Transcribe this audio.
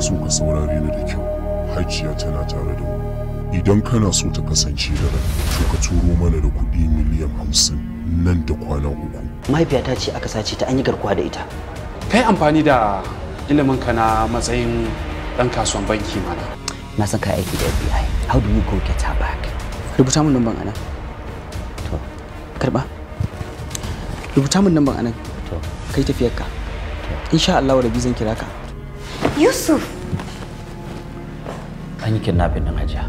ina so ka saurare ni da kyau hajiya tana tare da mu idan kana so ta kasance da rai to ka turo mana da kuɗi miliyan hamsin nan da kwana uku mahaifiyata ce aka sace ta an yi garkuwa da ita kai amfani da ilimin ka na matsayin ɗan kasuwan banki mana na san ka aiki da FBI how do you go get her back rubuta mun lamban anan to karba rubuta mun lamban anan to kai tafiyar ka insha Allah rabi zan kira ka Yusuf. An yi kidnapping ɗin hajiya.